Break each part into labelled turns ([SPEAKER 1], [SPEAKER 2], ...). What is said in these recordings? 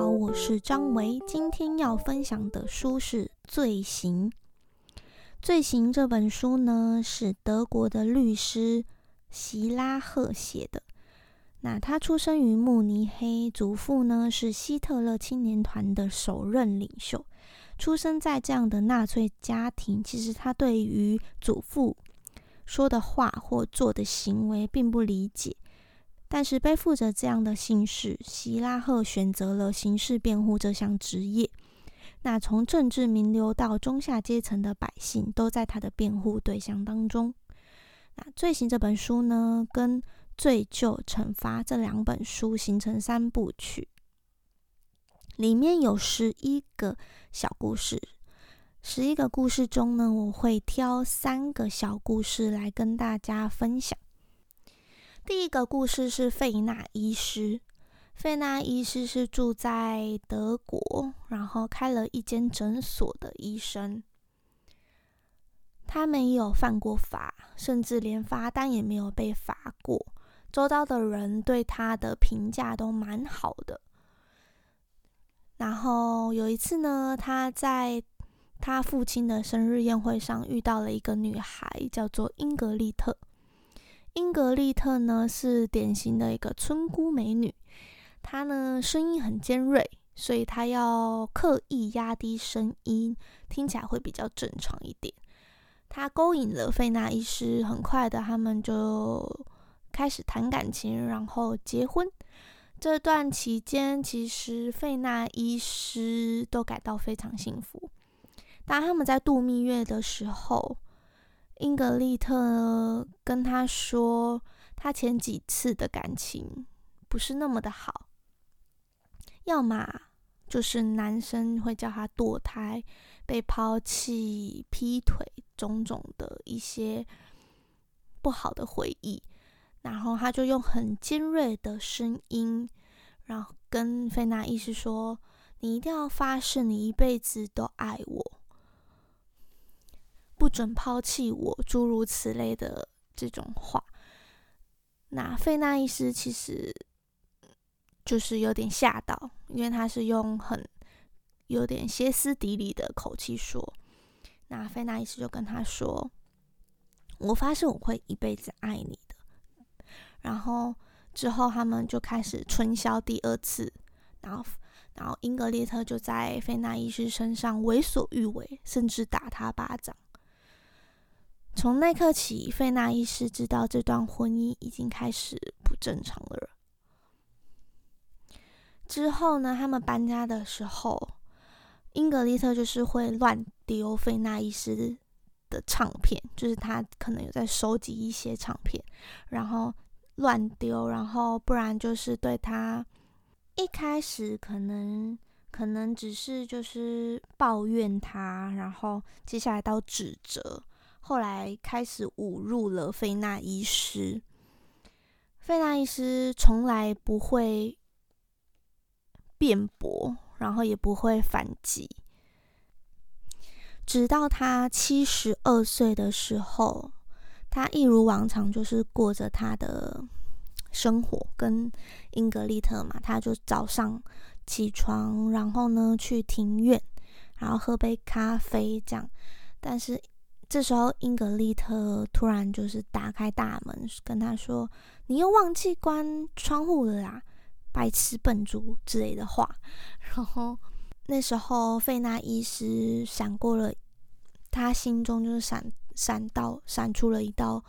[SPEAKER 1] 好，我是張維。今天要分享的書是《罪行》。《罪行》這本書呢，是德國的律師席拉赫寫的。那他出生於慕尼黑，祖父呢是希特勒青年團的首任領袖。出生在這樣的納粹家庭，其實他對於祖父說的話或做的行為並不理解。但是背負着這樣的姓氏，希拉赫選擇了刑事辯護這項職業。那從政治名流到中下階層的百姓，都在他的辯護對象當中。那《罪行》這本書呢，跟《罪疚》、《懲罰》這兩本書形成三部曲，裡面有十一個小故事。十一個故事中呢，我會挑三個小故事來跟大家分享。第一個故事是費納醫師。費納醫師是住在德國，然後開了一間診所的醫生。他沒有犯過法，甚至連罰單也沒有被罰過。周遭的人對他的評價都蠻好的。然後有一次呢，他在他父親的生日宴會上遇到了一個女孩，叫做英格麗特。英格麗特呢，是典型的一個村姑美女，她呢聲音很尖銳，所以她要刻意壓低聲音，聽起來會比較正常一點。她勾引了費納醫師，很快的他們就開始談感情，然後結婚。這段期間，其實費納醫師都感到非常幸福。當他們在度蜜月的時候，英格麗特跟他說，他前幾次的感情不是那麼的好，要麼就是男生會叫他墮胎、被拋棄、劈腿，種種的一些不好的回憶。然後他就用很尖銳的聲音，然後跟菲娜醫師說：“你一定要發誓，你一輩子都愛我。”不准拋棄我，諸如此類的這種話。那費納醫師其實就是有點嚇到，因為他是用很有點歇斯底里的口氣說。那費娜醫師就跟他說：“我發誓我會一輩子愛你的。”然後之後他們就開始春宵第二次，然後然後英格列特就在費娜醫師身上為所欲為，甚至打他巴掌。從那刻起，費納醫師知道這段婚姻已經開始不正常了。之後呢，他們搬家的時候，英格麗特就是會亂丟費納醫師的唱片，就是他可能有在收集一些唱片，然後亂丟，然後不然就是對他，一開始可能，可能只是就是抱怨他，然後接下來到指責。後來開始侮辱了菲娜醫師。菲娜醫師從來不會辯駁，然後也不會反擊。直到他七十二歲的時候，他一如往常，就是過着他的生活，跟英格麗特嘛，他就早上起床，然後呢去庭院，然後喝杯咖啡這樣。但是。這時候，英格麗特突然，就是打開大門，跟他說：“你又忘記關窗戶了啦，白痴笨豬之類的話。”然後那時候，費納醫師閃過了，他心中就是閃閃到閃出了一道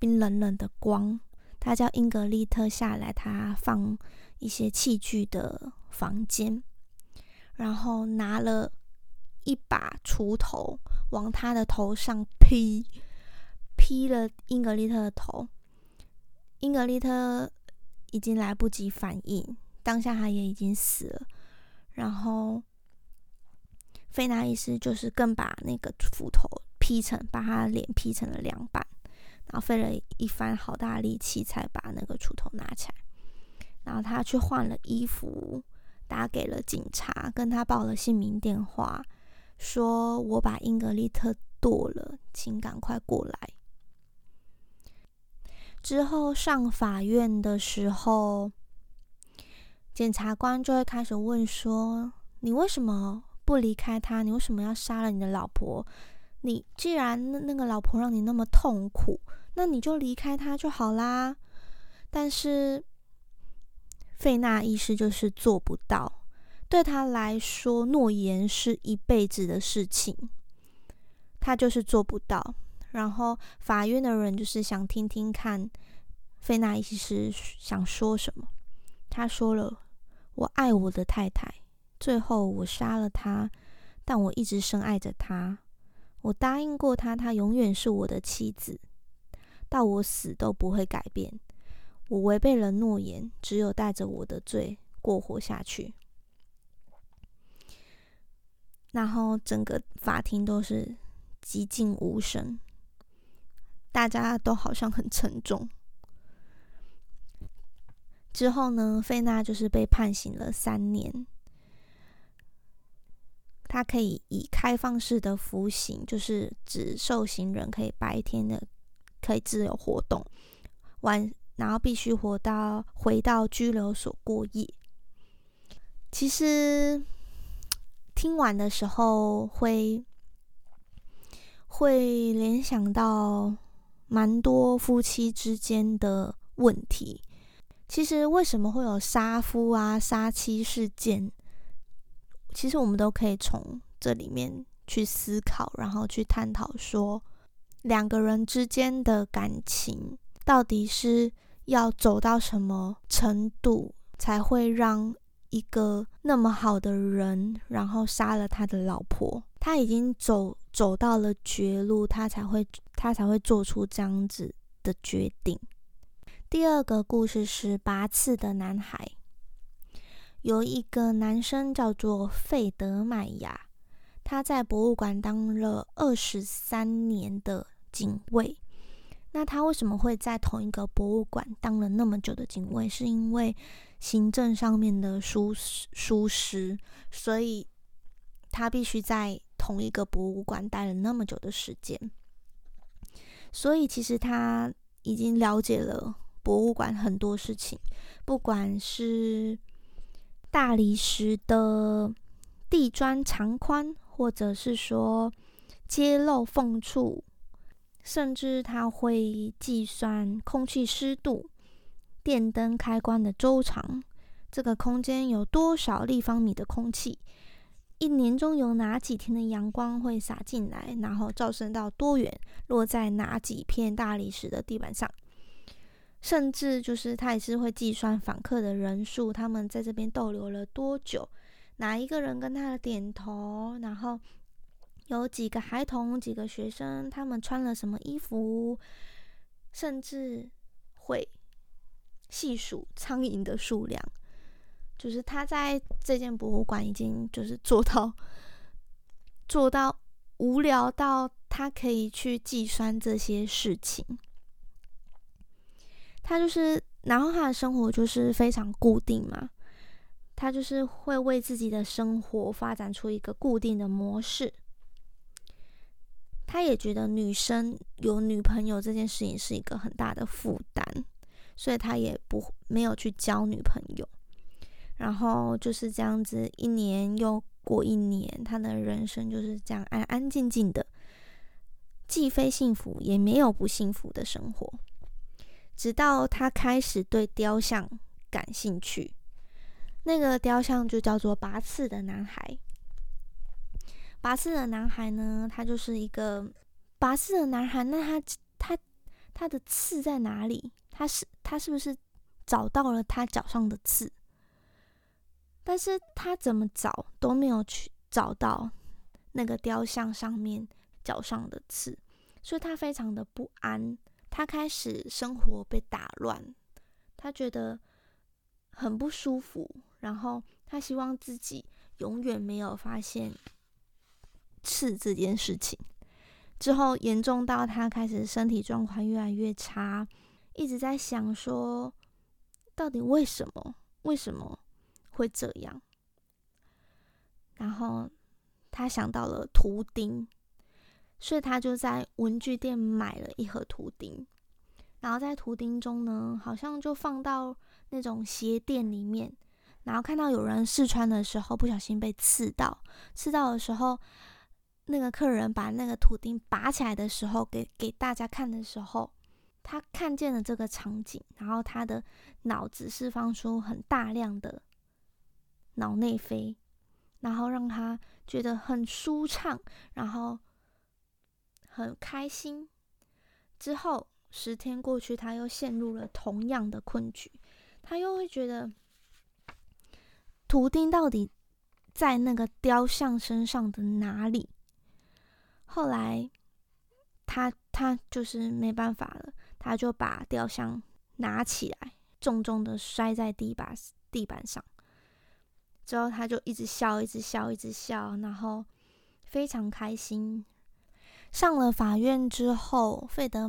[SPEAKER 1] 冰冷冷的光。他叫英格麗特下來，他放一些器具的房間，然後拿了一把鋤頭。往他的頭上劈，劈了英格麗特的頭。英格麗特已經來不及反應，當下他也已經死了。然後費納伊斯就是更把那個斧頭劈成，把他臉劈成了兩半。然後費了一番好大的力氣才把那個鋤頭拿起來。然後他去換了衣服，打給了警察，跟他報了姓名電話。說：“我把英格麗特剁了，請趕快過來。”之後上法院的時候，檢察官就會開始問說：“說你為什麼不離開他？你為什麼要殺了你的老婆？你既然那，那個老婆讓你那麼痛苦，那你就離開他就好啦。”但是費娜醫師就是做不到。對他來說，諾言是一輩子的事情，他就是做不到。然後法院的人就是想聽聽看菲娜醫師想說什麼。他說了：“我愛我的太太，最後我殺了她，但我一直深愛着她。我答應過她，她永遠是我的妻子，到我死都不會改變。我違背了諾言，只有帶着我的罪過活下去。”然後整個法庭都是寂靜無聲，大家都好像很沉重。之後呢，費娜就是被判刑了三年。她可以以開放式的服刑，就是指受刑人可以白天的，可以自由活動，晚然後必須活到回到拘留所過夜。其實。聽完的時候會，會會聯想到蠻多夫妻之間的問題。其實，為什麼會有殺夫啊、殺妻事件？其實，我們都可以從這裡面去思考，然後去探討說，兩個人之間的感情到底是要走到什麼程度，才會讓？一個那麼好的人，然後殺了他的老婆，他已經走走到了絕路，他才會他才會做出這樣子的決定。第二個故事是拔刺的男孩，有一個男生叫做費德邁亞，他在博物館當了二十三年的警衛。那他為什麼會在同一個博物館當了那麼久的警衛？是因為。行政上面的疏疏失，所以他必須在同一個博物館待了那麼久的時間，所以其實他已經了解了博物館很多事情，不管是大理石的地磚長寬，或者是說接漏縫處，甚至他會計算空氣濕度。電燈開關的周長，這個空間有多少立方米的空氣？一年中有哪幾天的陽光會灑進來，然後照射到多遠，落在哪幾片大理石的地板上？甚至就是它，也是會計算訪客的人數，他們在這邊逗留了多久？哪一個人跟他的點頭？然後有幾個孩童，幾個學生，他們穿了什麼衣服？甚至會。細數蒼蠅的數量，就是他在這間博物館已經就是做到做到無聊到他可以去計算這些事情。他就是，然後他的生活就是非常固定嘛，他就是會為自己的生活發展出一個固定的模式。他也覺得女生有女朋友這件事情是一個很大的負擔。所以他也不沒有去交女朋友，然後就是這樣子一年又過一年，他的人生就是這樣安安靜靜的，既非幸福，也沒有不幸福的生活，直到他開始對雕像感興趣，那個雕像就叫做拔刺的男孩。拔刺的男孩呢，他就是一個拔刺的男孩，那他他他的刺在哪裡？他是，他是不是找到了他腳上的刺？但是他怎麼找都沒有去找到那個雕像上面腳上的刺，所以他非常的不安。他開始生活被打亂，他覺得很不舒服，然後他希望自己永遠沒有發現刺這件事情。之後嚴重到他開始身體狀況越來越差。一直在想說，到底為什麼為什麼會這樣？然後他想到了圖釘，所以他就在文具店買了一盒圖釘。然後在圖釘中呢，好像就放到那種鞋墊裡面。然後看到有人試穿的時候，不小心被刺到。刺到的時候，那個客人把那個圖釘拔起來的時候，給給大家看的時候。他看見了這個場景，然後他的腦子釋放出很大量的腦內啡，然後讓他覺得很舒暢，然後很開心。之後十天過去，他又陷入了同樣的困局，他又會覺得圖釘到底在那個雕像身上的哪裡？後來他他就是沒辦法了。他就把雕像拿起來，重重的摔在地板地板上，之後他就一直笑，一直笑，一直笑，然後非常開心。上了法院之後，費德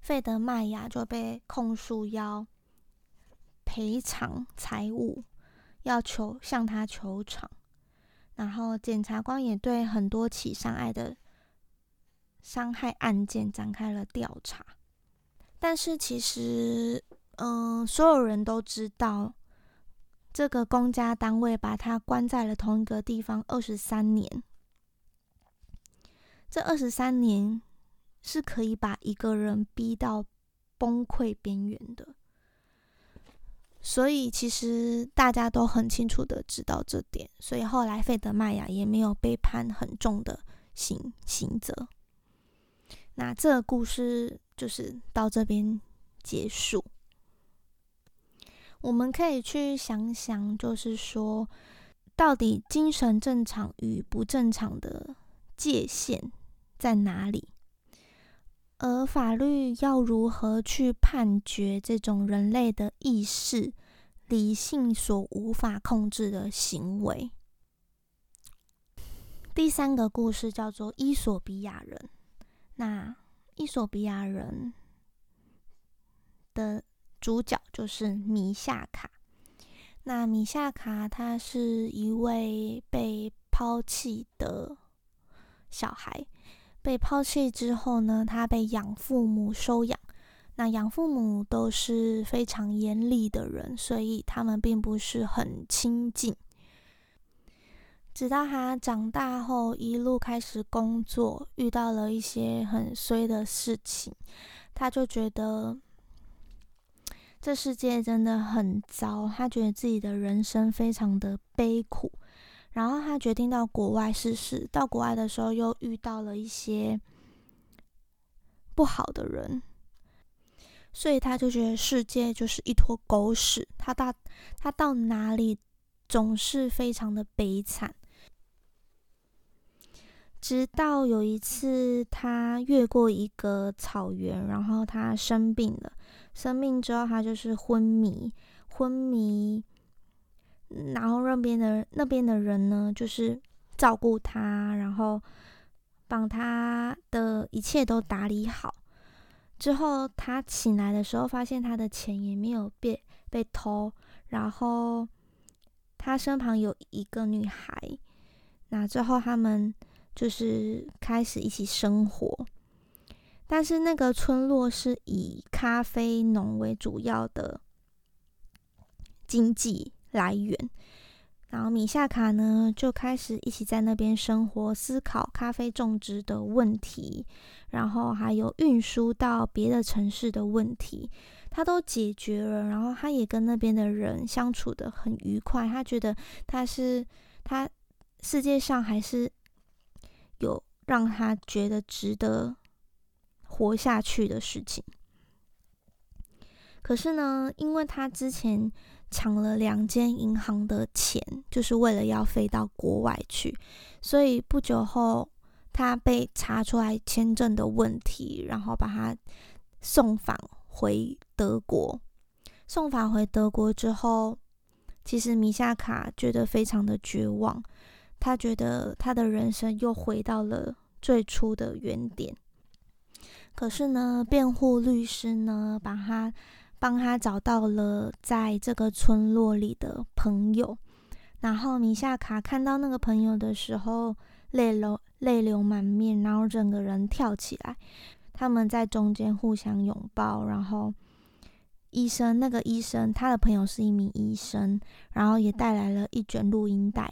[SPEAKER 1] 費德麥亞就被控訴要賠償財物，要求向他求償。然後檢察官也對很多起傷害的傷害案件展開了調查。但是其實，嗯，所有人都知道，這個公家單位把他關在了同一個地方二十三年。這二十三年是可以把一個人逼到崩潰邊緣的。所以其實大家都很清楚的知道這點，所以後來費德邁亞也沒有被判很重的刑刑責。那這個故事。就是到這邊結束。我們可以去想想，就是說，到底精神正常與不正常的界限在哪裡？而法律要如何去判決這種人類的意識、理性所無法控制的行為？第三個故事叫做《伊索比亞人》。那《伊索比亞人》的主角就是米夏卡。那米夏卡他是一位被拋棄的小孩，被拋棄之後呢，他被養父母收養。那養父母都是非常嚴厲的人，所以他們並不是很親近。直到他長大後，一路開始工作，遇到了一些很衰的事情，他就覺得這世界真的很糟。他覺得自己的人生非常的悲苦，然後他決定到國外試試。到國外的時候，又遇到了一些不好的人，所以他就覺得世界就是一坨狗屎。他到他到哪裡，總是非常的悲慘。直到有一次，他越過一個草原，然後他生病了。生病之後，他就是昏迷，昏迷。然後那邊的那邊的人呢，就是照顧他，然後幫他的一切都打理好。之後他醒來的時候，發現他的錢也沒有被被偷，然後他身旁有一個女孩。那之後他們。就是開始一起生活，但是那個村落是以咖啡農為主要的經濟來源。然後米夏卡呢，就開始一起在那邊生活，思考咖啡種植的問題，然後還有運輸到別的城市的問題，他都解決了。然後他也跟那邊的人相處得很愉快，他覺得他是他世界上還是有讓他覺得值得活下去的事情。可是呢，因為他之前搶了兩間銀行的錢，就是為了要飛到國外去。所以不久後，他被查出來簽證的問題，然後把他送返回德國。送返回德國之後，其實米夏卡覺得非常的絕望。他覺得他的人生又回到了最初的原點。可是呢，辯護律師呢，把他幫他找到了在這個村落裡的朋友。然後米夏卡看到那個朋友的時候，淚流淚流滿面，然後整個人跳起來。他們在中間互相擁抱。然後醫生，那個醫生，他的朋友是一名醫生，然後也帶來了一卷錄音帶。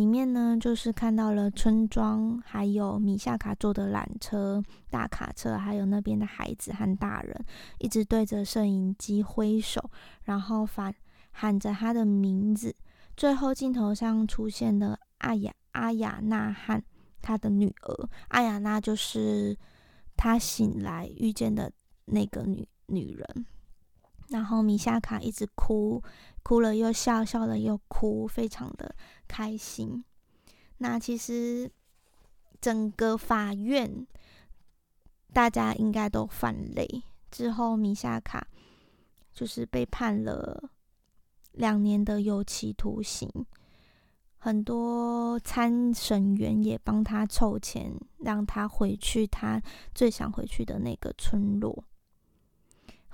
[SPEAKER 1] 裡面呢，就是看到了村莊，還有米夏卡坐的纜車、大卡車，還有那邊的孩子和大人，一直對着攝影機揮手，然後反喊着他的名字。最後鏡頭上出現了阿雅阿雅娜和她的女兒，阿雅娜就是他醒來遇見的那個女女人。然後米夏卡一直哭，哭了又笑，笑了又哭，非常的開心。那其實整個法院大家應該都泛淚，之後米夏卡就是被判了兩年的有期徒刑，很多參審員也幫他湊錢，讓他回去他最想回去的那個村落。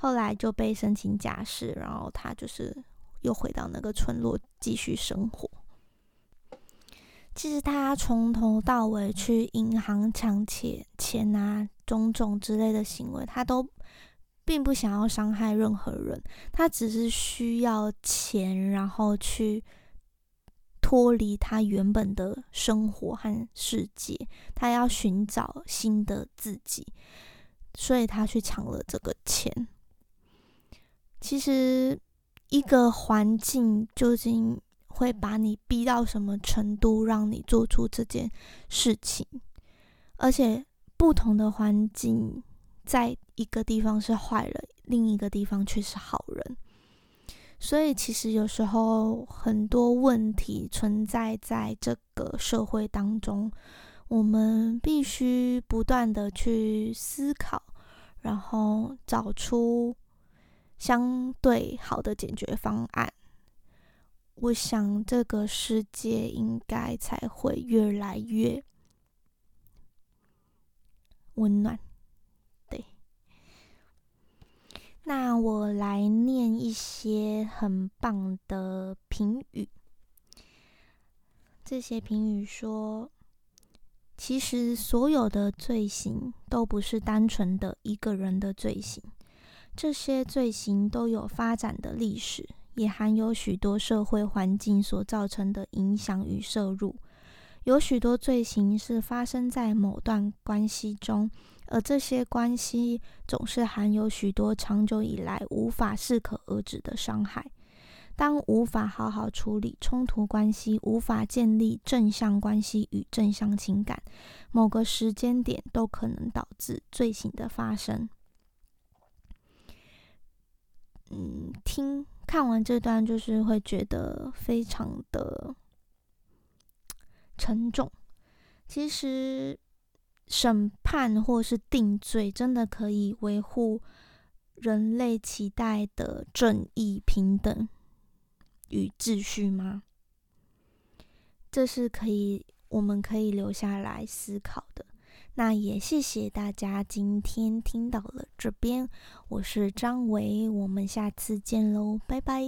[SPEAKER 1] 後來就被申請假釋，然後他就是又回到那個村落繼續生活。其實他從頭到尾去銀行搶錢、錢啊種種之類的行為，他都並不想要傷害任何人，他只是需要錢，然後去脫離他原本的生活和世界，他要尋找新的自己，所以他去搶了這個錢。其實，一個環境究竟會把你逼到什麼程度，讓你做出這件事情？而且，不同的環境，在一個地方是壞人，另一個地方卻是好人。所以，其實有時候很多問題存在在這個社會當中，我們必須不斷的去思考，然後找出。相對好的解決方案，我想這個世界應該才會越來越溫暖。對。那我來念一些很棒的評語。這些評語說：“其實所有的罪行都不是單純的一個人的罪行。”這些罪行都有發展的歷史，也含有許多社會環境所造成的影響與涉入。有許多罪行是發生在某段關係中，而這些關係總是含有許多長久以來無法適可而止的傷害。當無法好好處理衝突關係，無法建立正向關係與正向情感，某個時間點都可能導致罪行的發生。嗯，聽看完這段，就是會覺得非常的沉重。其實，審判或是定罪，真的可以維護人類期待的正義、平等與秩序嗎？這是可以，我們可以留下來思考的。那也謝謝大家今天聽到了這邊，我是張維，我們下次見嘍，拜拜。